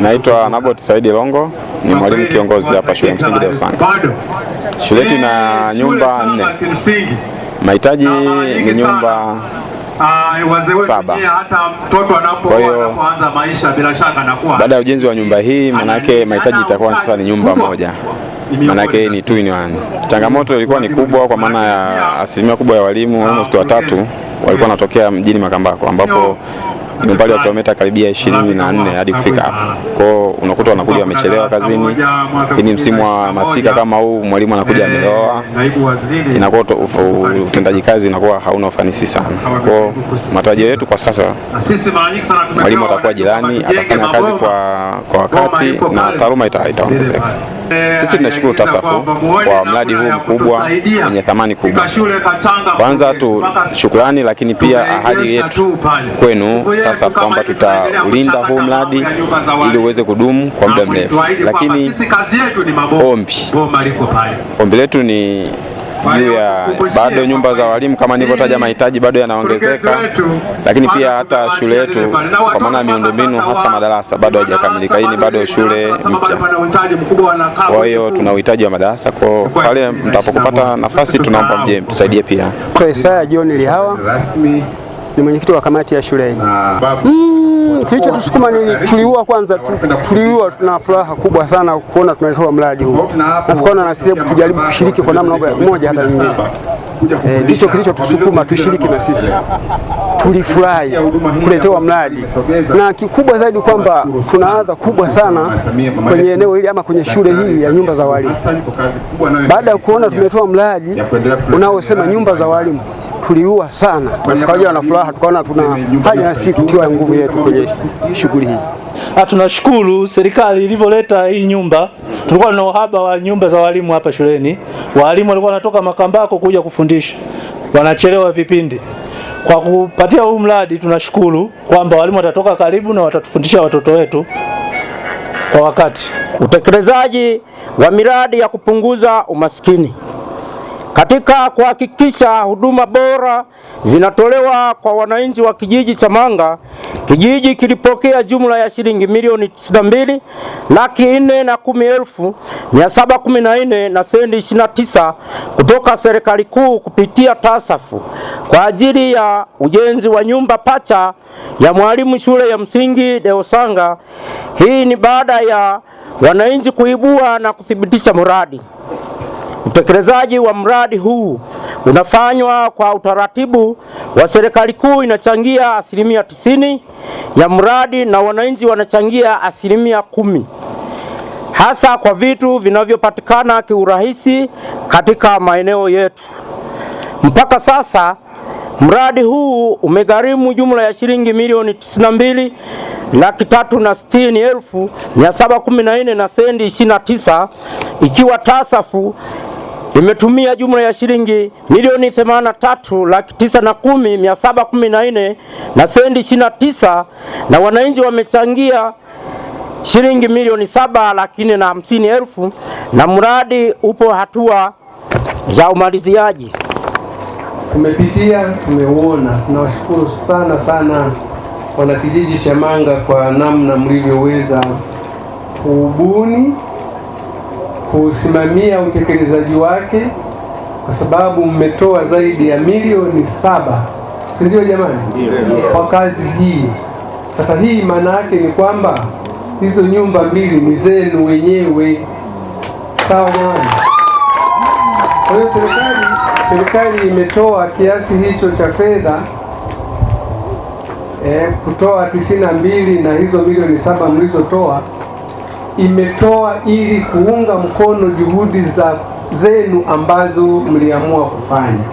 Naitwa Nabot Saidi Longo, ni mwalimu kiongozi hapa shule msingi Deusanga. Shule yetu ina nyumba nne, mahitaji ni nyumba ah, saba. Kwa hiyo baada ya ujenzi wa nyumba hii, manake mahitaji itakuwa sasa ni nyumba moja, manake ni two in one. Changamoto ilikuwa ni kubwa kwa maana ya asilimia kubwa ya walimu almost watatu walikuwa wanatokea mjini Makambako ambapo umbali wa kilomita karibia ishirini na nne hadi kufika hapa. hiyo unakuta wanakuja wamechelewa kazini. Ni msimu wa masika kama huu, mwalimu anakuja ameoa, inakuwa utendaji kazi unakuwa hauna ufanisi sana. hiyo matarajio yetu kwa sasa, mwalimu atakuwa jirani, atafanya kazi kwa, kwa wakati na taaluma itaongezeka. Sisi tunashukuru TASAFU kwa mradi huu mkubwa wenye thamani kubwa. Kwanza tu shukrani, lakini pia ahadi yetu kwenu sasa kwamba tutaulinda huu mradi ili uweze kudumu kwa muda mrefu, lakini ombi ombi letu ni juu ya bado nyumba za walimu kama nilivyotaja, mahitaji bado yanaongezeka, lakini pia hata shule yetu kwa maana ya miundombinu hasa madarasa bado hajakamilika. Hii ni bado shule mpya, kwa hiyo tuna uhitaji wa madarasa. Kwa pale mtapokupata nafasi, tunaomba mje mtusaidie pia. Isaya John Lihawa ni mwenyekiti wa kamati ya shule mm, kilichotusukuma ni tuliua kwanza tu, tuliua na furaha kubwa sana kuona tunatoa mradi huu na tukaona na sisi tujaribu kushiriki kwa namna moja hata nyingine. Eh, ndicho eh, kilichotusukuma tushiriki na sisi, tulifurahi kuletewa mradi na kikubwa zaidi kwamba tuna adha kubwa sana kwenye eneo hili ama kwenye shule hii ya nyumba za walimu, baada ya kuona tumetoa mradi unaosema nyumba za walimu tuliua sana, tukaja wana furaha, tukaona kuna haja na sisi kutiwa nguvu yetu kwenye shughuli hii. Ah, tunashukuru serikali ilivyoleta hii nyumba. Tulikuwa na uhaba wa nyumba za walimu hapa shuleni, walimu walikuwa wanatoka Makambako kuja kufundisha, wanachelewa vipindi kwa kupatia huu mradi tunashukuru kwamba walimu watatoka karibu na watatufundisha watoto wetu kwa wakati. Utekelezaji wa miradi ya kupunguza umaskini. Katika kuhakikisha huduma bora zinatolewa kwa wananchi wa kijiji cha Manga, kijiji kilipokea jumla ya shilingi milioni mbili laki nne na kumi elfu mia saba kumi na nne na senti tisa kutoka serikali kuu kupitia TASAFU kwa ajili ya ujenzi wa nyumba pacha ya mwalimu shule ya msingi Deosanga. Hii ni baada ya wananchi kuibua na kuthibitisha mradi. Utekelezaji wa mradi huu unafanywa kwa utaratibu wa serikali kuu inachangia asilimia tisini ya mradi na wananchi wanachangia asilimia kumi hasa kwa vitu vinavyopatikana kiurahisi katika maeneo yetu. Mpaka sasa mradi huu umegharimu jumla ya shilingi milioni 92 laki tatu na sitini elfu mia saba kumi na nne na sendi 29 ikiwa tasafu imetumia jumla ya shilingi milioni 83 laki tisa na kumi mia saba kumi na nne na sendi ishirini na tisa na wananchi wamechangia shilingi milioni saba laki nne na hamsini elfu na mradi upo hatua za umaliziaji. Tumepitia, tumeuona. Tunawashukuru sana sana wanakijiji cha Manga kwa namna mlivyoweza kubuni kusimamia utekelezaji wake, kwa sababu mmetoa zaidi ya milioni saba, si ndio jamani? Yeah. Kwa kazi hii sasa, hii maana yake ni kwamba hizo nyumba mbili ni zenu wenyewe, sawa jamani? Kwa hiyo serikali serikali imetoa kiasi hicho cha fedha eh, kutoa tisini na mbili na hizo milioni saba mlizotoa imetoa ili kuunga mkono juhudi za zenu ambazo mliamua kufanya.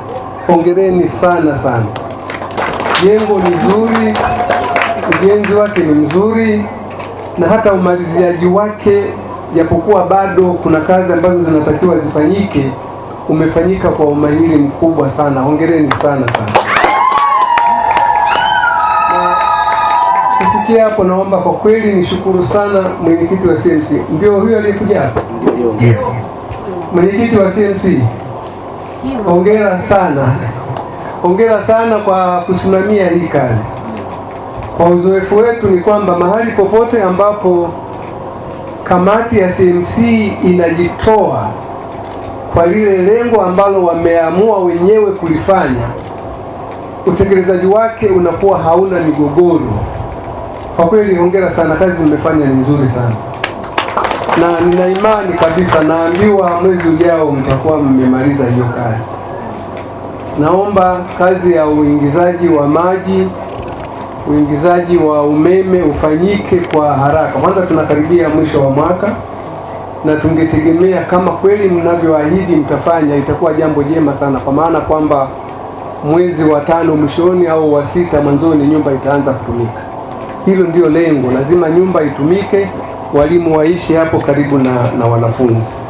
Hongereni sana sana. Jengo ni zuri, ujenzi wake ni mzuri, na hata umaliziaji wake, japokuwa bado kuna kazi ambazo zinatakiwa zifanyike, umefanyika kwa umahiri mkubwa sana. Hongereni sana sana. Kufikia hapo, naomba kwa kweli nishukuru sana mwenyekiti wa CMC. Ndio huyo aliyekuja hapa, mwenyekiti wa CMC, hongera sana, hongera sana kwa kusimamia hii kazi. Kwa uzoefu wetu ni kwamba mahali popote ambapo kamati ya CMC inajitoa kwa lile lengo ambalo wameamua wenyewe kulifanya, utekelezaji wake unakuwa hauna migogoro. Kwa kweli hongera sana, kazi mmefanya ni nzuri sana, na nina imani kabisa, naambiwa mwezi ujao mtakuwa mmemaliza hiyo kazi. Naomba kazi ya uingizaji wa maji, uingizaji wa umeme ufanyike kwa haraka. Kwanza tunakaribia mwisho wa mwaka, na tungetegemea kama kweli mnavyoahidi mtafanya, itakuwa jambo jema sana, kwa maana kwamba mwezi wa tano mwishoni au wa sita mwanzoni nyumba itaanza kutumika. Hilo ndio lengo, lazima nyumba itumike, walimu waishi hapo karibu na, na wanafunzi.